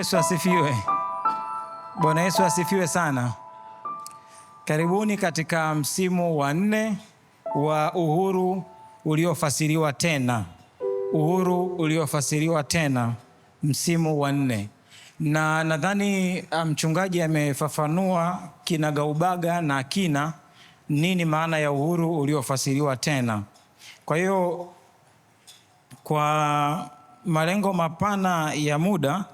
Yesu asifiwe. Bwana Yesu asifiwe sana. Karibuni katika msimu wa nne wa uhuru uliofasiriwa tena. Uhuru uliofasiriwa tena, msimu wa nne, na nadhani uh, mchungaji amefafanua kinagaubaga na kina nini maana ya uhuru uliofasiriwa tena. Kwa hiyo kwa malengo mapana ya muda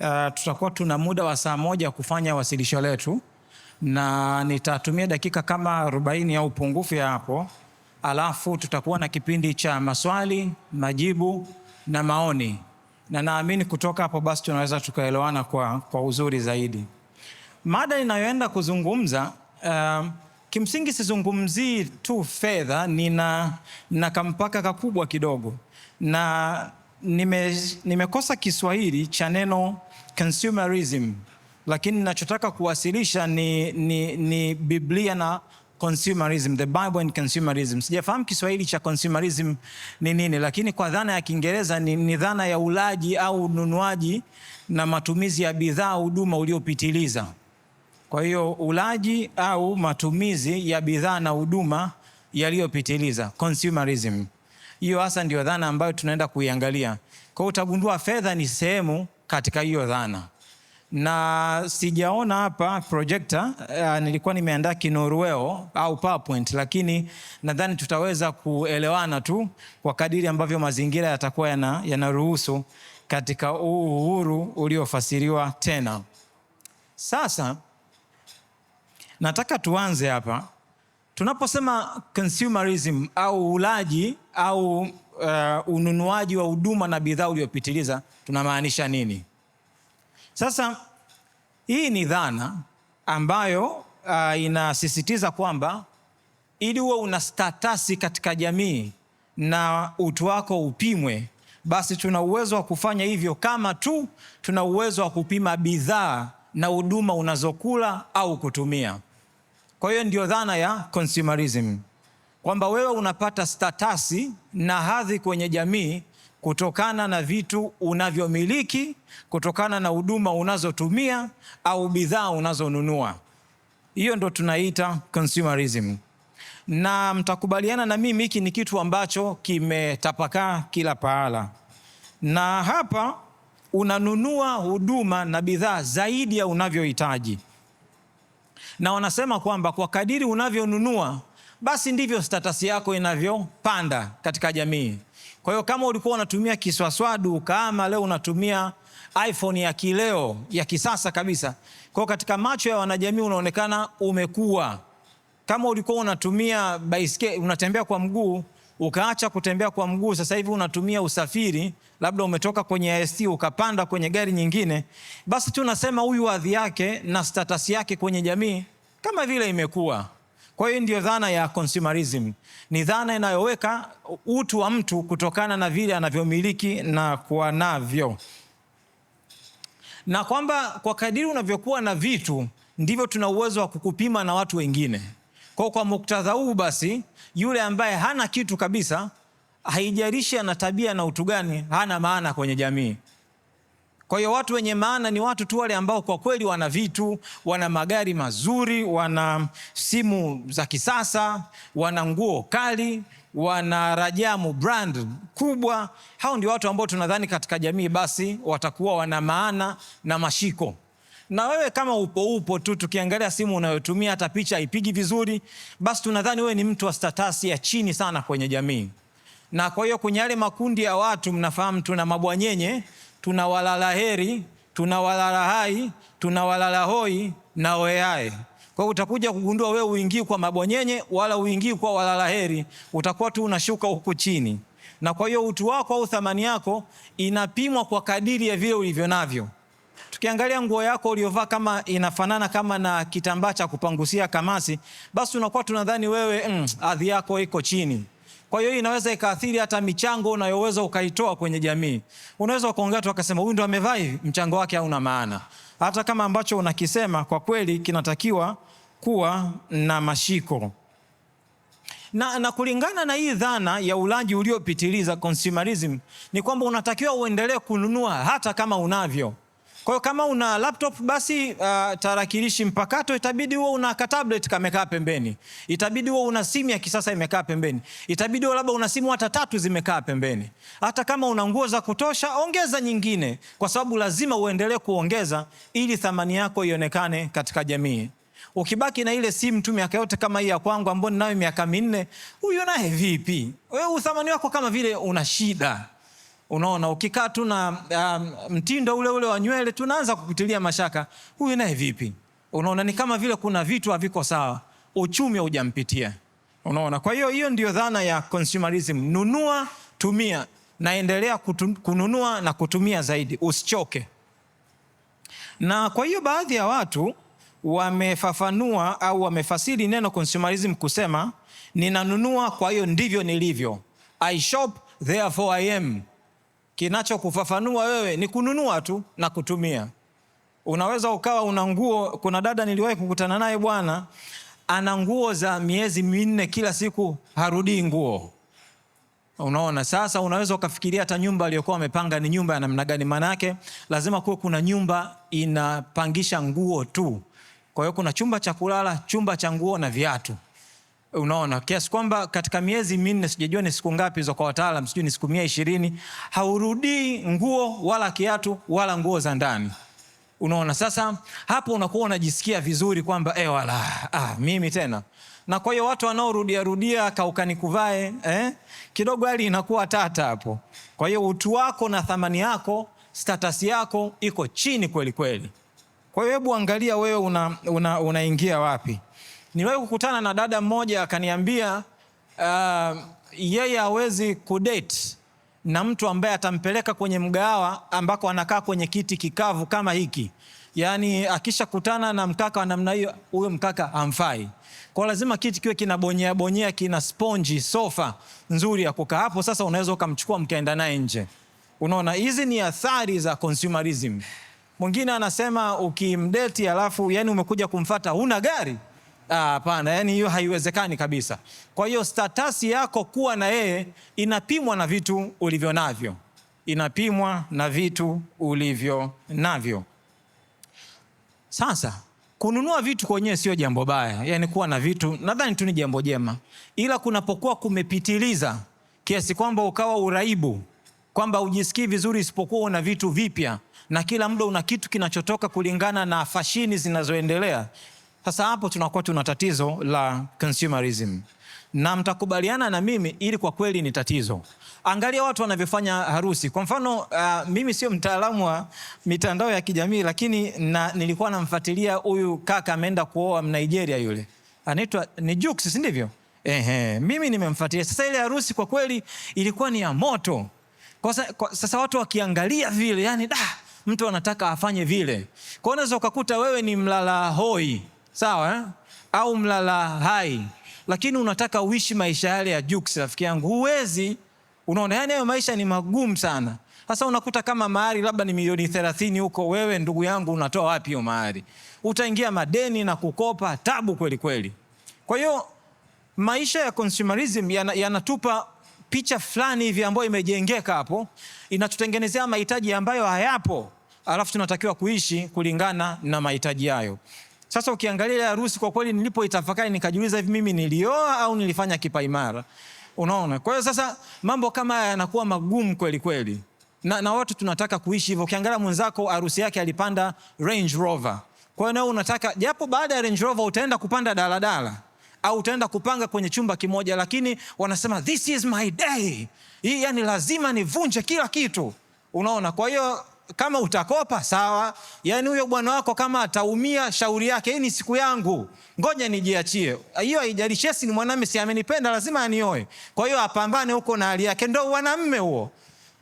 uh, tutakuwa tuna muda wa saa moja kufanya wasilisho letu, na nitatumia dakika kama 40 au pungufu ya hapo, alafu tutakuwa na kipindi cha maswali majibu na maoni, na naamini kutoka hapo basi tunaweza tukaelewana kwa, kwa uzuri zaidi. Mada inayoenda kuzungumza uh, kimsingi sizungumzii tu fedha, nina, na kampaka kakubwa kidogo na nime, nimekosa Kiswahili cha neno consumerism, lakini ninachotaka kuwasilisha ni, ni, ni Biblia na consumerism, the Bible and consumerism. Sijafahamu Kiswahili cha consumerism ni nini, lakini kwa dhana ya Kiingereza ni, ni dhana ya ulaji au ununuaji na matumizi ya bidhaa huduma uliopitiliza. Kwa hiyo ulaji au matumizi ya bidhaa na huduma yaliyopitiliza, consumerism. Hiyo hasa ndio dhana ambayo tunaenda kuiangalia. Kwa hiyo utagundua fedha ni sehemu katika hiyo dhana, na sijaona hapa projekta. Uh, eh, nilikuwa nimeandaa kinorueo au PowerPoint, lakini nadhani tutaweza kuelewana tu kwa kadiri ambavyo mazingira yatakuwa yanaruhusu katika katika uhuru uliofasiriwa tena. Sasa nataka tuanze hapa Tunaposema consumerism au ulaji au uh, ununuaji wa huduma na bidhaa uliopitiliza tunamaanisha nini? Sasa hii ni dhana ambayo uh, inasisitiza kwamba ili huwe una statasi katika jamii na utu wako upimwe, basi tuna uwezo wa kufanya hivyo kama tu tuna uwezo wa kupima bidhaa na huduma unazokula au kutumia. Kwa hiyo ndio dhana ya consumerism kwamba wewe unapata statasi na hadhi kwenye jamii kutokana na vitu unavyomiliki, kutokana na huduma unazotumia au bidhaa unazonunua. Hiyo ndo tunaita consumerism, na mtakubaliana na mimi hiki ni kitu ambacho kimetapakaa kila pahala, na hapa unanunua huduma na bidhaa zaidi ya unavyohitaji na wanasema kwamba kwa kadiri unavyonunua basi ndivyo status yako inavyopanda katika jamii. Kwa hiyo kama ulikuwa unatumia kiswaswadu, kama leo unatumia iPhone ya kileo ya kisasa kabisa, kwa katika macho ya wanajamii unaonekana umekua. Kama ulikuwa unatumia baiskeli, unatembea kwa mguu ukaacha kutembea kwa mguu, sasa hivi unatumia usafiri, labda umetoka kwenye IST ukapanda kwenye gari nyingine, basi tunasema huyu hadhi yake na status yake kwenye jamii kama vile imekuwa. Kwa hiyo ndio dhana ya consumerism, ni dhana inayoweka utu wa mtu kutokana na vile anavyomiliki na kuwa navyo, na kwamba kwa kadiri unavyokuwa na vitu ndivyo tuna uwezo wa kukupima na watu wengine. Kwa kwa muktadha huu basi, yule ambaye hana kitu kabisa, haijarishi ana tabia na utu gani, hana maana kwenye jamii. Kwa hiyo watu wenye maana ni watu tu wale ambao kwa kweli wana vitu, wana magari mazuri, wana simu za kisasa, wana nguo kali, wana rajamu brand kubwa. Hao ndio watu ambao tunadhani katika jamii basi watakuwa wana maana na mashiko na wewe kama upo upo tu, tukiangalia simu unayotumia hata picha haipigi vizuri, basi tunadhani wewe ni mtu wa status ya chini sana kwenye jamii. Na kwa hiyo kwenye yale makundi ya watu, mnafahamu tuna mabwanyenye, tuna walala heri, tuna walala hai, tuna walala hoi na oeae. Kwa utakuja kugundua wewe uingii kwa mabwanyenye wala uingii kwa walala heri, utakuwa tu unashuka huku chini. Na kwa hiyo utu wako au thamani yako inapimwa kwa kadiri ya vile ulivyo navyo. Ukiangalia nguo yako uliovaa kama inafanana kama na kitambaa cha kupangusia kamasi, basi tunakuwa tunadhani wewe mm, adhi yako iko chini. Kwa hiyo inaweza ikaathiri hata michango unayoweza ukaitoa kwenye jamii. Unaweza ukaongea tu akasema huyu ndo amevaa hivi, mchango wake hauna maana, hata kama ambacho unakisema kwa kweli kinatakiwa kuwa na mashiko na, na kulingana na hii dhana ya ulaji uliopitiliza consumerism, ni kwamba unatakiwa uendelee kununua hata kama unavyo kwa hiyo kama una laptop basi uh, tarakilishi mpakato itabidi huo una ka tablet kamekaa pembeni, itabidi huo una simu ya kisasa imekaa pembeni, itabidi huo labda una simu hata tatu zimekaa pembeni. Hata kama una nguo za kutosha, ongeza nyingine, kwa sababu lazima uendelee kuongeza ili thamani yako ionekane katika jamii. Ukibaki na ile simu tu miaka yote kama hii ya kwangu ambayo ninayo miaka minne, huyo naye vipi? Wewe uthamani wako kama vile una shida. Unaona, ukikaa tu na um, mtindo ule ule wa nywele tunaanza kukutilia mashaka, huyu naye vipi? Unaona, ni kama vile kuna vitu haviko sawa, uchumi haujampitia. Unaona, kwa hiyo hiyo ndio dhana ya consumerism: nunua, tumia, naendelea kununua na kutumia zaidi, usichoke. Na kwa hiyo baadhi ya watu wamefafanua au wamefasiri neno consumerism kusema ninanunua, kwa hiyo ndivyo nilivyo. I shop therefore I am Kinachokufafanua wewe ni kununua tu na kutumia. Unaweza ukawa una nguo. Kuna dada niliwahi kukutana naye bwana, ana nguo za miezi minne, kila siku harudii nguo. Unaona, sasa unaweza ukafikiria hata nyumba aliyokuwa amepanga ni nyumba ya namna gani? Maana yake lazima kuwe kuna nyumba inapangisha nguo tu. Kwa hiyo kuna chumba cha kulala, chumba cha nguo na viatu. Unaona, kiasi kwamba katika miezi minne, sijajua ni siku ngapi hizo kwa wataalam, sijui ni siku mia ishirini, haurudii nguo wala kiatu wala nguo za ndani. Unaona, sasa hapo unakuwa unajisikia vizuri kwamba e, wala ah, mimi tena na kwa hiyo watu wanaorudia rudia kaukani kuvae eh, kidogo hali inakuwa tata hapo. Kwa hiyo utu wako na thamani yako status yako iko chini kweli kweli. Kwa hiyo hebu angalia wewe unaingia una, una wapi? Niliwahi kukutana na dada mmoja akaniambia, uh, yeye hawezi kudate na mtu ambaye atampeleka kwenye mgahawa ambako anakaa kwenye kiti kikavu kama hiki. Yaani akishakutana na mkaka wa namna hiyo, huyo mkaka hamfai. Kwa lazima kiti kiwe kinabonyea bonyea bonyea, kina sponji, sofa nzuri ya kukaa hapo. Sasa unaweza ukamchukua mkaenda naye nje. Unaona, hizi ni athari za consumerism. Mwingine anasema ukimdeti, alafu yani umekuja kumfata huna gari Ah, hapana, yani hiyo haiwezekani kabisa. Kwa hiyo statasi yako kuwa na yeye inapimwa na vitu ulivyo navyo, inapimwa na vitu ulivyo navyo. Sasa kununua vitu kwenyewe sio jambo baya, yani kuwa na vitu nadhani tu ni jambo jema, ila kunapokuwa kumepitiliza kiasi kwamba ukawa uraibu kwamba ujisikii vizuri isipokuwa una vitu vipya na kila muda una kitu kinachotoka kulingana na fashini zinazoendelea, sasa hapo tunakuwa tuna tatizo la consumerism, na mtakubaliana na mimi ili kwa kweli ni tatizo. Angalia watu wanavyofanya harusi. Kwa mfano uh, mimi sio mtaalamu wa mitandao ya kijamii lakini na, nilikuwa namfuatilia huyu kaka ameenda kuoa Mnigeria yule anaitwa ni Jux, si ndivyo? Ehe, mimi nimemfuatilia. Sasa ile harusi kwa kweli ilikuwa ni ya moto. Kwa kwa, sasa watu wakiangalia vile, yani da, mtu anataka afanye vile. Kwa unaweza ukakuta wewe ni mlala hoi sawa eh? au mlala hai, lakini unataka uishi maisha yale ya juksi, rafiki yangu, huwezi. Unaona, yani hayo maisha ni magumu sana. Sasa unakuta kama mahari labda ni milioni thelathini huko, wewe ndugu yangu, unatoa wapi hiyo mahari? Utaingia madeni na kukopa, tabu kweli kweli. Kwa hiyo maisha ya consumerism yanatupa yana picha fulani hivi ambayo imejengeka hapo, inatutengenezea mahitaji ambayo hayapo, alafu tunatakiwa kuishi kulingana na mahitaji hayo. Sasa ukiangalia ile harusi kwa kweli, nilipoitafakari nikajiuliza, hivi mimi nilioa au nilifanya kipaimara? Unaona, kwa hiyo sasa mambo kama haya yanakuwa magumu kweli kweli, na, na watu tunataka kuishi hivyo. Ukiangalia mwenzako harusi yake alipanda Range Rover, kwa hiyo nawe unataka japo, baada ya Range Rover utaenda kupanda daladala au utaenda kupanga kwenye chumba kimoja, lakini wanasema this is my day hii, yani lazima nivunje kila kitu. Unaona, kwa hiyo kama utakopa sawa, yani huyo bwana wako kama ataumia, shauri yake. Hii ni siku yangu, ngoja nijiachie. Hiyo haijalishi si ni mwanamume, si amenipenda, lazima anioe. Kwa hiyo apambane huko na hali yake, ndo wanamume huo.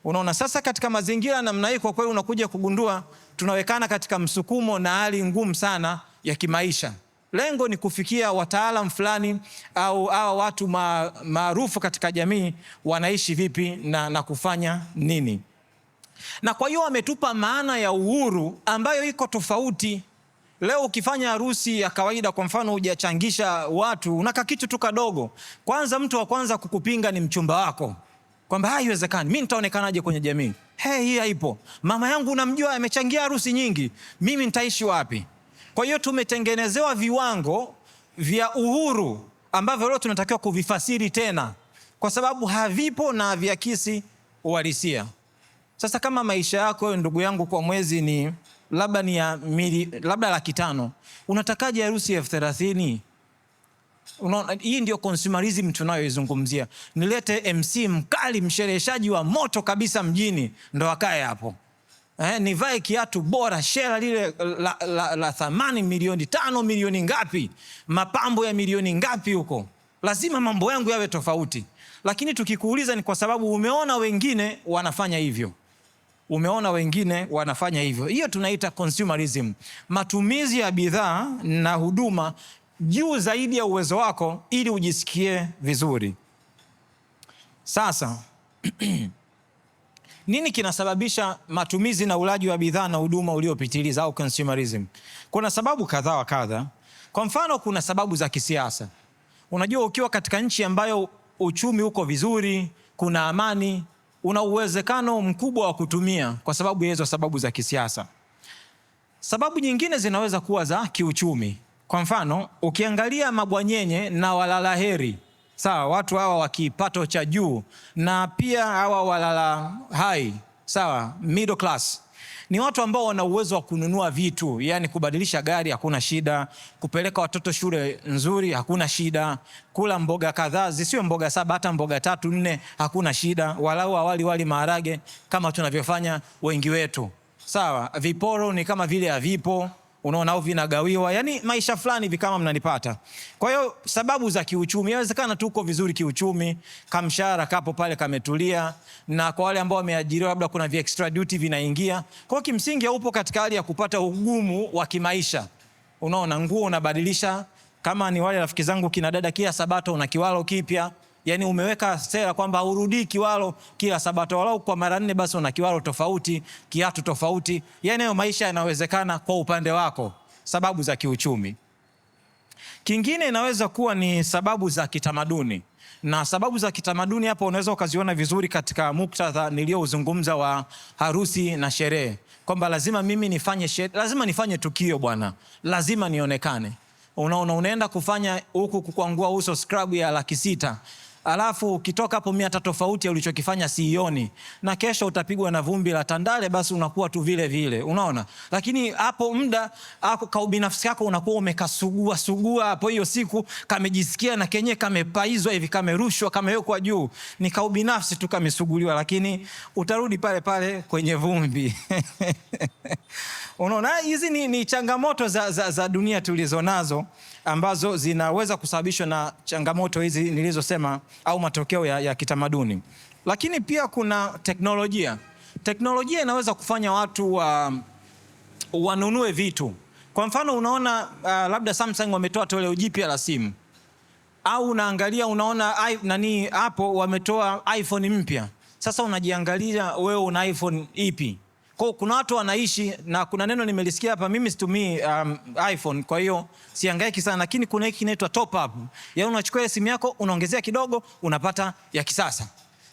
Unaona, sasa katika mazingira namna hii, kwa kweli unakuja kugundua tunawekana katika msukumo na hali ngumu sana ya kimaisha. Lengo ni kufikia wataalam fulani au hawa watu maarufu katika jamii wanaishi vipi na, na kufanya nini na kwa hiyo ametupa maana ya uhuru ambayo iko tofauti. Leo ukifanya harusi ya kawaida, kwa mfano, hujachangisha watu, unaka kitu tu kadogo, kwanza mtu wa kwanza kukupinga ni mchumba wako kwamba ah, haiwezekani, mi nitaonekanaje kwenye jamii? Hey, hii haipo. Mama yangu namjua, amechangia harusi nyingi, mimi nitaishi wapi? Kwa hiyo tumetengenezewa viwango vya uhuru ambavyo leo tunatakiwa kuvifasiri tena, kwa sababu havipo na haviakisi uhalisia. Sasa kama maisha yako wewe ndugu yangu kwa mwezi ni labda ni ya mili, labda laki tano, unatakaje harusi elfu thelathini? Unaona, hii ndio consumerism tunayoizungumzia. Nilete MC mkali, mshereheshaji wa moto kabisa mjini, ndo akae hapo eh, nivae kiatu bora, shela lile la, la, la thamani milioni tano, milioni ngapi, mapambo ya milioni ngapi huko. Lazima mambo yangu yawe tofauti, lakini tukikuuliza ni kwa sababu umeona wengine wanafanya hivyo umeona wengine wanafanya hivyo. Hiyo tunaita consumerism, matumizi ya bidhaa na huduma juu zaidi ya uwezo wako ili ujisikie vizuri. Sasa nini kinasababisha matumizi na ulaji wa bidhaa na huduma uliopitiliza au consumerism? Kuna sababu kadha wa kadha. Kwa mfano, kuna sababu za kisiasa. Unajua, ukiwa katika nchi ambayo uchumi uko vizuri, kuna amani, una uwezekano mkubwa wa kutumia kwa sababu ya hizo sababu za kisiasa. Sababu nyingine zinaweza kuwa za kiuchumi. Kwa mfano, ukiangalia mabwanyenye na walala heri, sawa, watu hawa wa kipato cha juu na pia hawa walala hai, sawa, middle class ni watu ambao wana uwezo wa kununua vitu, yani kubadilisha gari hakuna shida, kupeleka watoto shule nzuri hakuna shida, kula mboga kadhaa zisiwe mboga saba, hata mboga tatu nne hakuna shida, walau awali wali maharage kama tunavyofanya wengi wetu. Sawa, viporo ni kama vile havipo unaona au vinagawiwa, yani maisha fulani hivi kama mnanipata. Kwa hiyo sababu za kiuchumi, inawezekana tuko vizuri kiuchumi, kamshahara kapo pale kametulia, na kwa wale ambao wameajiriwa labda kuna vi extra duty vinaingia. Kwa hiyo kimsingi upo katika hali ya kupata ugumu wa kimaisha, unaona, nguo unabadilisha, kama ni wale rafiki zangu kina dada, kila sabato una kiwalo kipya yani umeweka sera kwamba haurudii kiwalo kila Sabato, walau kwa mara nne basi una kiwalo tofauti, kiatu tofauti. Yani hayo maisha yanawezekana kwa upande wako, sababu za kiuchumi. Kingine inaweza kuwa ni sababu za kitamaduni na sababu za kitamaduni hapo unaweza ukaziona vizuri katika muktadha niliyouzungumza wa harusi na sherehe, kwamba lazima mimi nifanye sherehe, lazima nifanye tukio bwana, lazima nionekane. Unaona, unaenda kufanya huku kukwangua uso scrub ya laki sita alafu ukitoka hapo mia hata tofauti ya ulichokifanya sioni, na kesho utapigwa na vumbi la Tandale, basi unakuwa tu vile vile, unaona. Lakini hapo muda ako ka ubinafsi yako unakuwa umekasugua sugua hapo, hiyo siku kamejisikia na kenye kamepaizwa hivi, kamerushwa, kamewekwa juu, ni ka ubinafsi tu kamesuguliwa, lakini utarudi pale pale kwenye vumbi unaona, hizi ni, ni changamoto za, za, za dunia tulizonazo ambazo zinaweza kusababishwa na changamoto hizi nilizosema au matokeo ya, ya kitamaduni. Lakini pia kuna teknolojia. Teknolojia inaweza kufanya watu wa, wanunue vitu. Kwa mfano unaona uh, labda Samsung wametoa toleo jipya la simu au unaangalia unaona nani hapo wametoa iPhone mpya. Sasa unajiangalia wewe una iPhone ipi? Kwa kuna watu wanaishi na kuna neno nimelisikia hapa, mimi situmii um, iPhone, kwa hiyo siangaiki sana, lakini kuna hiki kinaitwa top up. Yaani unachukua ile simu yako unaongezea kidogo unapata ya kisasa.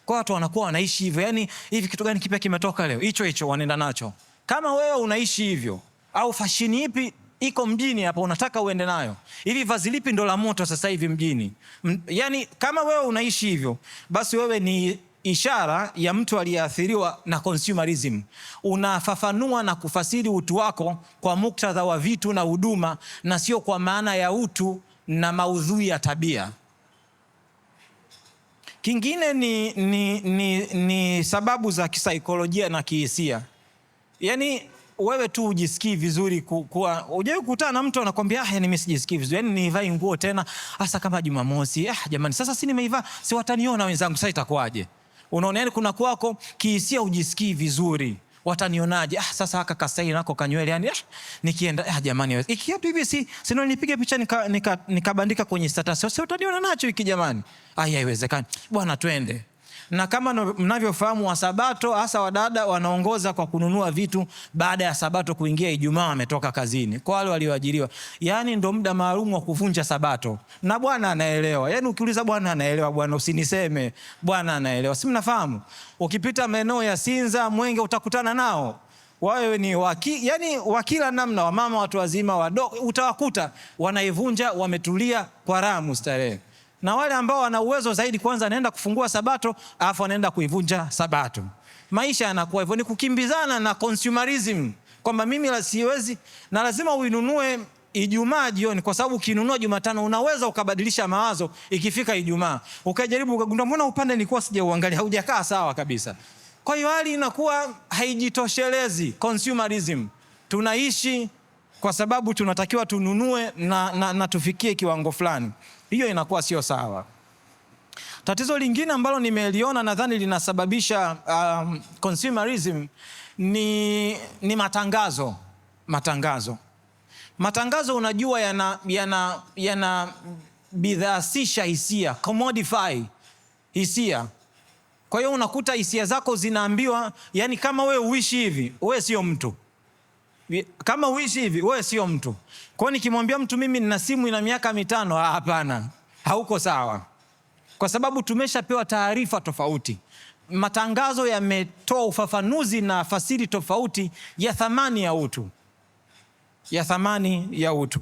Kwa watu wanakuwa wanaishi hivyo. Yaani hivi kitu gani kipya kimetoka leo? Hicho hicho wanaenda nacho. Kama wewe unaishi hivyo au fashini ipi iko mjini hapa unataka uende nayo. Hivi vazi lipi ndo la moto sasa hivi mjini? M, yani kama wewe unaishi hivyo, basi wewe ni ishara ya mtu aliyeathiriwa na consumerism. Unafafanua na kufasiri utu wako kwa muktadha wa vitu na huduma, na sio kwa maana ya utu na maudhui ya tabia. Kingine ni, ni, ni, ni sababu za kisaikolojia na kihisia, yaani wewe tu ujisikii vizuri kuwa hujawahi kukutana na mtu anakwambia ah, yani mimi sijisikii vizuri, yani niivai nguo tena hasa kama Jumamosi. Ah, jamani, sasa si nimeivaa si wataniona wenzangu, sasa itakuwaje? unaona, yani kuna kwako kihisia ujisikii vizuri watanionaje? Ah, sasa haka kasaili nako kanywele yani, ah, nikienda ah, jamani, iki hivi si sino nipige picha nikabandika nika, nika kwenye status, sasa utaniona nacho hiki jamani, ai haiwezekani bwana, twende na kama mnavyofahamu Wasabato hasa wadada wanaongoza kwa kununua vitu baada ya Sabato kuingia, Ijumaa wametoka kazini. Kwa wale walioajiriwa, yani ndo muda maalum wa kuvunja Sabato, na Bwana anaelewa. Yani ukiuliza Bwana anaelewa, bwana usiniseme, Bwana anaelewa, si mnafahamu. Ukipita maeneo ya Sinza, Mwenge utakutana nao wawe ni waki, yani wa kila namna, wamama, watu wazima, wadogo, utawakuta wanaivunja, wametulia kwa raha mustarehe na wale ambao wana uwezo zaidi, kwanza anaenda kufungua sabato alafu anaenda kuivunja sabato. Maisha yanakuwa hivyo, ni kukimbizana na consumerism, kwamba mimi la siwezi na lazima uinunue Ijumaa jioni kwa sababu ukinunua Jumatano unaweza ukabadilisha mawazo ikifika Ijumaa. Ukajaribu ukagundua mbona upande nilikuwa sijauangalia haujakaa sawa kabisa. Kwa hiyo hali inakuwa haijitoshelezi consumerism. Tunaishi kwa sababu tunatakiwa tununue na, na, na tufikie kiwango fulani hiyo inakuwa sio sawa. Tatizo lingine ambalo nimeliona nadhani linasababisha um, consumerism ni, ni matangazo matangazo matangazo, unajua yana, yana, yana bidhaasisha hisia, commodify hisia. Kwa hiyo unakuta hisia zako zinaambiwa, yani kama we uishi hivi, we sio mtu kama uishi hivi wewe sio mtu. kwao nikimwambia mtu mimi nina simu ina miaka mitano, ah, hapana, hauko sawa, kwa sababu tumeshapewa taarifa tofauti. Matangazo yametoa ufafanuzi na fasiri tofauti ya thamani ya utu, ya thamani ya utu.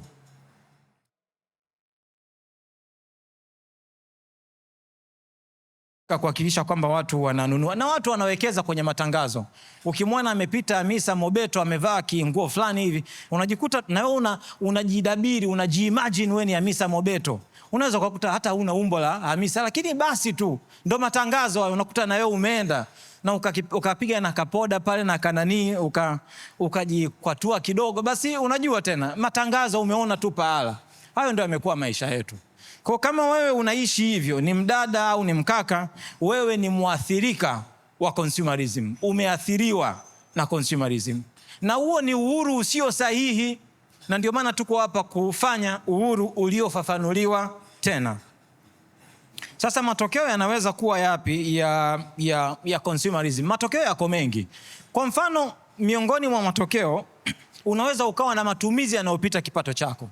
kuhakikisha kwamba watu wananunua na watu wanawekeza kwenye matangazo. Ukimwona amepita Hamisa Mobeto amevaa kinguo fulani hivi, unajikuta na wewe una, unajidabiri unajiimagine wewe ni Hamisa Mobeto. Unaweza kukuta hata una umbo la Hamisa, lakini basi tu ndo matangazo hayo, unakuta na wewe umeenda na ukapiga uka na kapoda pale na kanani ukajikwatua uka kidogo, basi unajua tena matangazo umeona tu pahala. Hayo ndo yamekuwa maisha yetu. Kwa kama wewe unaishi hivyo, ni mdada au ni mkaka, wewe ni mwathirika wa consumerism, umeathiriwa na consumerism, na huo ni uhuru usio sahihi, na ndio maana tuko hapa kufanya uhuru uliofafanuliwa tena. Sasa matokeo yanaweza kuwa yapi ya, ya, ya consumerism? Matokeo yako mengi. Kwa mfano, miongoni mwa matokeo unaweza ukawa na matumizi yanayopita kipato chako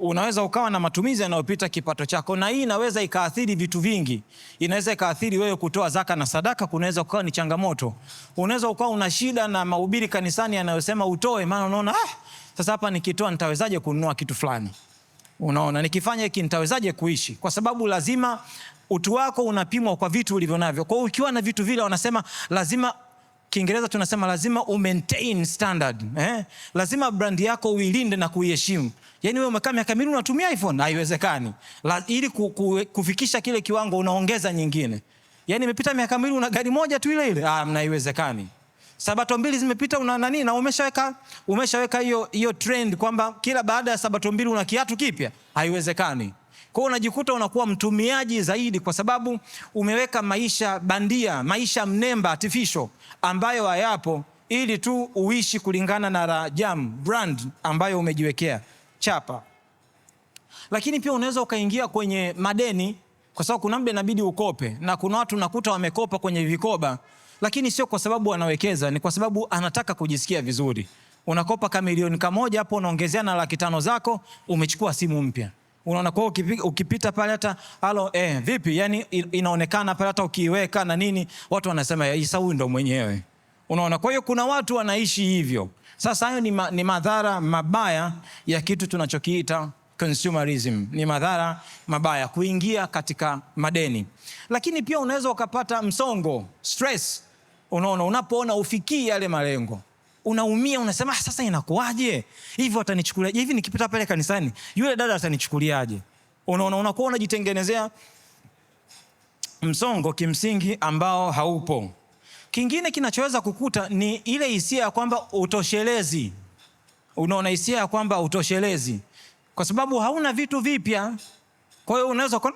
unaweza ukawa na matumizi yanayopita kipato chako, na hii inaweza ikaathiri vitu vingi. Inaweza ikaathiri wewe kutoa zaka na sadaka, kunaweza ukawa ni changamoto. Unaweza ukawa una shida na mahubiri kanisani yanayosema utoe, maana unaona ah, sasa hapa nikitoa nitawezaje kununua kitu fulani? Unaona, nikifanya hiki nitawezaje kuishi? Kwa sababu lazima utu wako unapimwa kwa vitu ulivyo navyo. Kwa hiyo ukiwa na vitu vile, wanasema lazima Kiingereza tunasema lazima u maintain standard eh? Lazima brandi yako uilinde na kuiheshimu. Yaani wewe umekaa miaka miwili unatumia iPhone, haiwezekani. Ili ku, ku, kufikisha kile kiwango unaongeza nyingine. Yaani imepita miaka miwili una gari moja tu ile ile. Ah, haiwezekani. Sabato mbili zimepita una nani na umeshaweka umeshaweka hiyo hiyo trend kwamba kila baada ya sabato mbili una kiatu kipya. Haiwezekani. Kwa hiyo unajikuta unakuwa mtumiaji zaidi kwa sababu umeweka maisha bandia, maisha mnemba artificial ambayo hayapo ili tu uishi kulingana na rajam brand ambayo umejiwekea chapa. Lakini pia unaweza ukaingia kwenye madeni, kwa sababu kuna muda inabidi ukope, na kuna watu nakuta wamekopa kwenye vikoba, lakini sio kwa sababu anawekeza, ni kwa sababu anataka kujisikia vizuri. Unakopa kama milioni kamoja hapo, unaongezea na laki tano zako, umechukua simu mpya unaona kwa ukipita pale hata halo eh, vipi yani, inaonekana pale hata ukiiweka na nini, watu wanasema Isa huyu ndo mwenyewe, unaona. Kwa hiyo kuna watu wanaishi hivyo. Sasa hayo ni, ma, ni madhara mabaya ya kitu tunachokiita consumerism, ni madhara mabaya kuingia katika madeni. Lakini pia unaweza ukapata msongo stress, unaona, unapoona ufikii yale malengo unaumia, unasema ah, sasa inakuwaje hivyo, atanichukuliaje hivi, nikipita pale kanisani yule dada atanichukuliaje? Unaona, unakuwa unajitengenezea msongo kimsingi ambao haupo. Kingine kinachoweza kukuta ni ile hisia ya kwamba utoshelezi. Unaona hisia ya kwamba utoshelezi, kwa sababu hauna vitu vipya, kwa hiyo unaweza kwa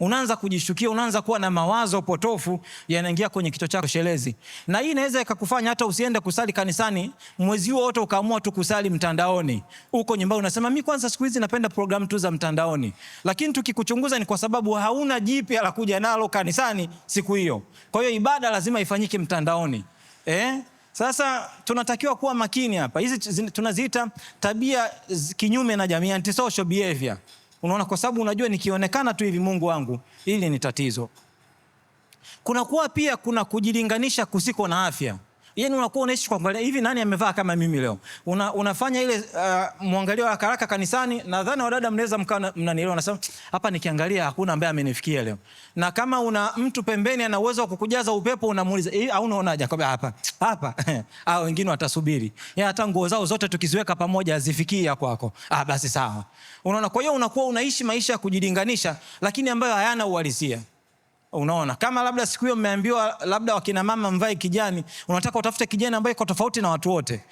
unaanza kujishukia, unaanza kuwa na mawazo potofu yanaingia kwenye kichwa chako shelezi, na hii inaweza ikakufanya hata usiende kusali kanisani mwezi huo wote, ukaamua tu kusali mtandaoni. Uko nyumbani unasema mimi kwanza siku hizi napenda programu tu za mtandaoni, lakini tukikuchunguza ni kwa sababu hauna jipya la kuja nalo kanisani siku hiyo. Kwa hiyo ibada lazima ifanyike mtandaoni eh? Sasa tunatakiwa kuwa makini hapa. Hizi tunaziita tabia kinyume na jamii, antisocial behavior. Unaona, kwa sababu unajua nikionekana tu hivi, Mungu wangu, hili ni tatizo. Kunakuwa pia kuna kujilinganisha kusiko na afya. Yaani unakuwa unaishi kwa kuangalia hivi nani amevaa kama mimi leo. Una, unafanya ile uh, mwangalio wa haraka kanisani. Nadhani wadada mnaweza mkaa mnanielewa, nasema hapa nikiangalia hakuna ambaye amenifikia leo. Na kama una mtu pembeni ana uwezo wa kukujaza upepo, unamuuliza eh, au unaona unaonaje? Akwambia hapa hapa au wengine watasubiri. Yaani hata nguo zao zote tukiziweka pamoja hazifikii ya kwako. Ah, basi sawa. Unaona, kwa hiyo unakuwa unaishi maisha ya kujilinganisha, lakini ambayo hayana uhalisia. Unaona, kama labda siku hiyo mmeambiwa labda wakina mama mvae kijani, unataka utafute kijani ambaye iko tofauti na watu wote.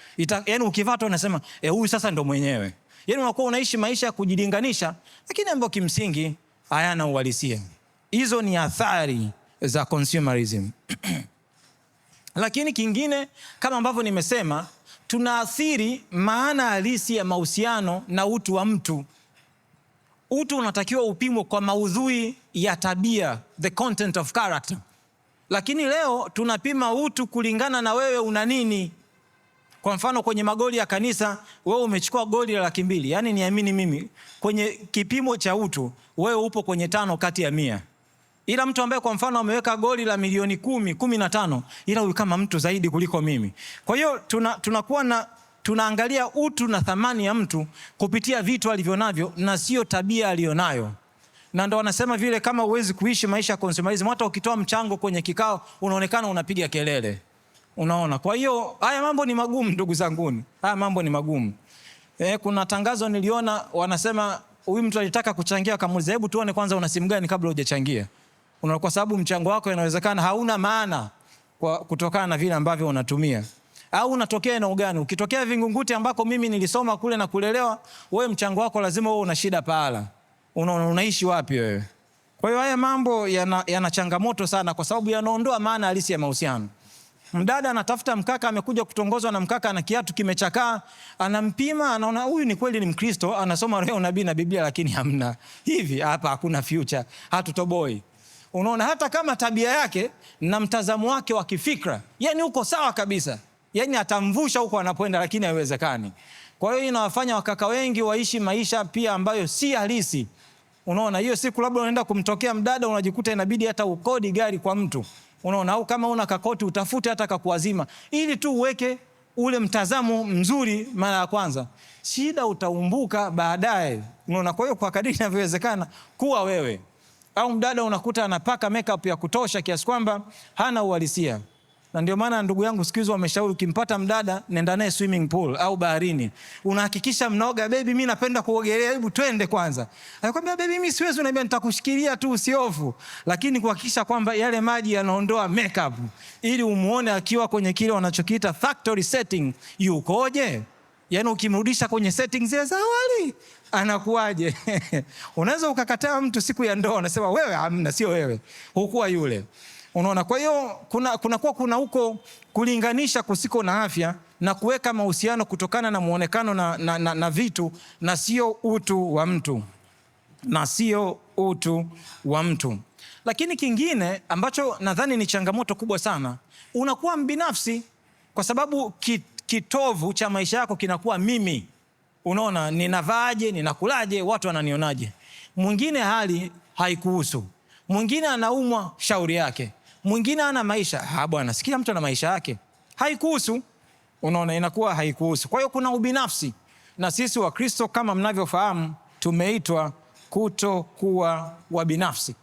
Yaani ukivaa tu unasema e, huyu sasa ndo mwenyewe. Yaani unakuwa unaishi maisha ya kujilinganisha, lakini ambayo kimsingi hayana uhalisia. Hizo ni athari za consumerism. Lakini kingine kama ambavyo nimesema, tunaathiri maana halisi ya mahusiano na utu wa mtu. Utu unatakiwa upimwe kwa maudhui ya tabia, the content of character. Lakini leo tunapima utu kulingana na wewe una nini. Kwa mfano kwenye magoli ya kanisa, wewe umechukua goli la laki mbili, yaani niamini mimi kwenye kipimo cha utu wewe upo kwenye tano kati ya mia ila mtu ambaye kwa mfano ameweka goli la milioni kumi kumi na tano ila huyu kama mtu zaidi kuliko mimi. Kwa hiyo tunakuwa tuna na tunaangalia utu na thamani ya mtu kupitia vitu alivyonavyo na sio tabia aliyonayo na ndo wanasema vile, kama uwezi kuishi maisha ya consumerism, hata ukitoa mchango kwenye kikao unaonekana unapiga kelele, unaona. Kwa hiyo haya mambo ni magumu ndugu zanguni, haya mambo ni magumu. E, kuna tangazo niliona wanasema huyu mtu alitaka kuchangia, kamuliza hebu tuone kwanza una simu gani kabla hujachangia, kwa sababu mchango wako inawezekana hauna maana kwa kutokana na vile ambavyo unatumia au unatokea eneo gani? Ukitokea Vingunguti ambako mimi nilisoma kule na kulelewa, wewe mchango wako lazima uwe una shida pahala una, unaishi wapi wewe? Kwa hiyo haya mambo yana, yana changamoto sana, kwa sababu yanaondoa maana halisi ya mahusiano. Mdada anatafuta mkaka, amekuja kutongozwa na mkaka, ana kiatu kimechakaa, anampima, anaona huyu ni kweli ni Mkristo, anasoma roho nabii na Biblia, lakini hamna hivi, hapa hakuna future, hatutoboi. Unaona, hata kama tabia yake na mtazamo wake wa kifikra, yani uko sawa kabisa, yani atamvusha huko anapoenda, lakini haiwezekani. Kwa hiyo inawafanya wakaka wengi waishi maisha pia ambayo si halisi. Unaona, hiyo siku labda unaenda kumtokea mdada, unajikuta inabidi hata ukodi gari kwa mtu, unaona, au kama una kakoti utafute hata kakuazima, ili tu uweke ule mtazamo mzuri mara ya kwanza. Shida utaumbuka baadaye, unaona. Kwa hiyo kwa kadiri inavyowezekana kuwa wewe. Au mdada unakuta anapaka makeup ya kutosha kiasi kwamba hana uhalisia. Na ndio maana ndugu yangu, siku hizi wameshauri ukimpata mdada nenda naye swimming pool au baharini. Unahakikisha mnaoga, baby, mimi napenda kuogelea, hebu twende kwanza. Anakuambia baby, mimi siwezi, unaambia nitakushikilia tu usiofu. Lakini kuhakikisha kwamba yale maji yanaondoa makeup ili umuone akiwa kwenye kile wanachokiita factory setting yukoje. Yaani ukimrudisha kwenye setting zile za awali anakuwaje? Unaweza ukakataa mtu siku ya ndoa, unasema wewe, hamna, sio wewe, hukuwa yule. Unaona, kwa hiyo kuna kunakuwa kuna huko kulinganisha kusiko na afya na kuweka mahusiano kutokana na muonekano na, na, na, na vitu na sio utu wa mtu na sio utu wa mtu. Lakini kingine ambacho nadhani ni changamoto kubwa sana, unakuwa mbinafsi kwa sababu kitovu cha maisha yako kinakuwa mimi. Unaona, ninavaaje, ninakulaje, watu wananionaje. Mwingine hali haikuhusu, mwingine anaumwa, shauri yake mwingine ana maisha ah, bwana, sikila mtu ana maisha yake, haikuhusu. Unaona, inakuwa haikuhusu. Kwa hiyo kuna ubinafsi, na sisi Wakristo kama mnavyofahamu tumeitwa kuto kutokuwa wabinafsi.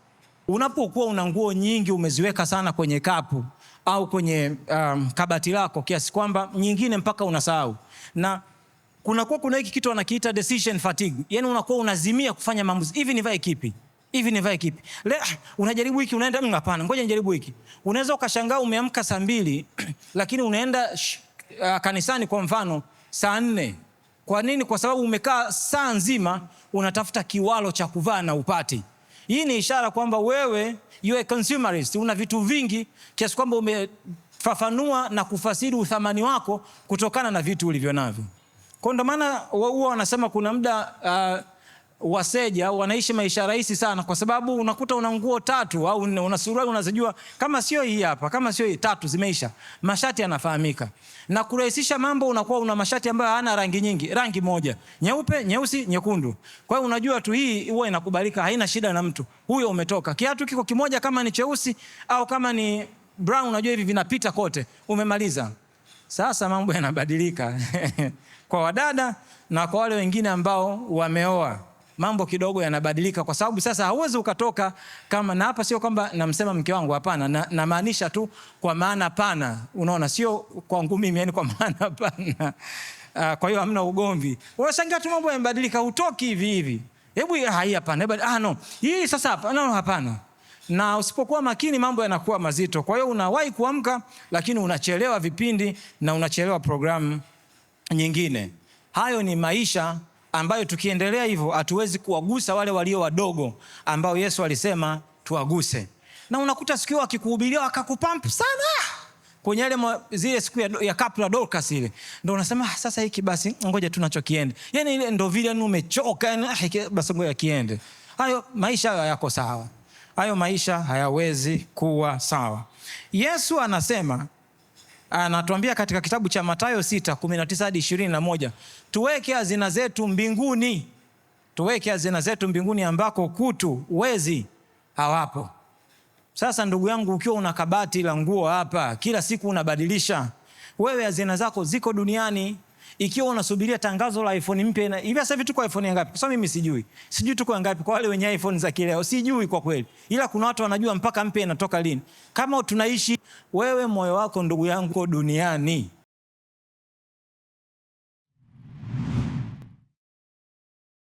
Unapokuwa una nguo nyingi umeziweka sana kwenye kapu au kwenye um, kabati lako kiasi kwamba nyingine mpaka unasahau, na kunakuwa kuna hiki kitu anakiita decision fatigue, yani unakuwa unazimia kufanya maamuzi, hivi nivae kipi hivi nivae kipi? Le, ah, unajaribu hiki unaenda mmm, hapana, ngoja nijaribu hiki. Unaweza ukashangaa umeamka saa mbili lakini unaenda sh, uh, kanisani kwa mfano saa nne. Kwa nini? Kwa sababu umekaa saa nzima unatafuta kiwalo cha kuvaa na upati. Hii ni ishara kwamba wewe you are consumerist, una vitu vingi kiasi kwamba umefafanua na kufasiri uthamani wako kutokana na vitu ulivyo navyo. Kwa ndo maana huwa wanasema kuna muda uh, waseja wanaishi maisha rahisi sana, kwa sababu unakuta una nguo tatu au nne, una suruali unazijua, kama sio hii hapa, kama sio hii, tatu zimeisha. Mashati yanafahamika na kurahisisha mambo, unakuwa una mashati ambayo hayana rangi nyingi, rangi moja, nyeupe, nyeusi, nyekundu. Kwa hiyo unajua tu hii huwa inakubalika, haina shida na mtu huyo. Umetoka kiatu kiko kimoja, kama ni cheusi au kama ni brown, unajua hivi vinapita kote, umemaliza. Sasa mambo yanabadilika kwa wadada na kwa wale wengine ambao wameoa mambo kidogo yanabadilika, kwa sababu sasa hauwezi ukatoka kama na hapa. Sio kwamba namsema mke wangu, hapana, na namaanisha tu kwa maana pana, unaona, sio kwangu mimi, yani kwa maana pana. Ah, kwa hiyo hamna ugomvi, unashangaa tu mambo yanabadilika, hutoki hivi hivi, hebu hai, hapana, hebu ah, no hii sasa hapa, no hapana na usipokuwa makini mambo yanakuwa mazito. Kwa hiyo unawahi kuamka, lakini unachelewa vipindi na unachelewa programu nyingine. Hayo ni maisha ambayo tukiendelea hivyo hatuwezi kuwagusa wale walio wadogo ambao Yesu alisema tuwaguse. Na unakuta siku hiyo akikuhubiria akakupampu sana kwenye ile zile siku ya, ya kapla Dorcas ile, ndo unasema ah, sasa hiki basi ngoja tunachokiende, yani ile ndo vile ni yaani umechoka yani, ah, basi ngoja kiende. Hayo maisha hayo hayako sawa, hayo maisha hayawezi kuwa sawa. Yesu anasema Ah, anatuambia katika kitabu cha Mathayo tisa hadi 21, tuweke hazina zetu mbinguni, tuweke hazina zetu mbinguni ambako kutu wezi hawapo. Sasa ndugu yangu, ukiwa una kabati la nguo hapa, kila siku unabadilisha, wewe hazina zako ziko duniani ikiwa unasubiria tangazo la iPhone mpya hivi sasa hivi tuko iPhone ngapi? Kwa sababu mimi sijui. Sijui tuko ngapi kwa wale wenye iPhone za kileo. Sijui kwa kweli. Ila kuna watu wanajua mpaka mpya inatoka lini. Kama tunaishi wewe moyo wako ndugu yangu duniani.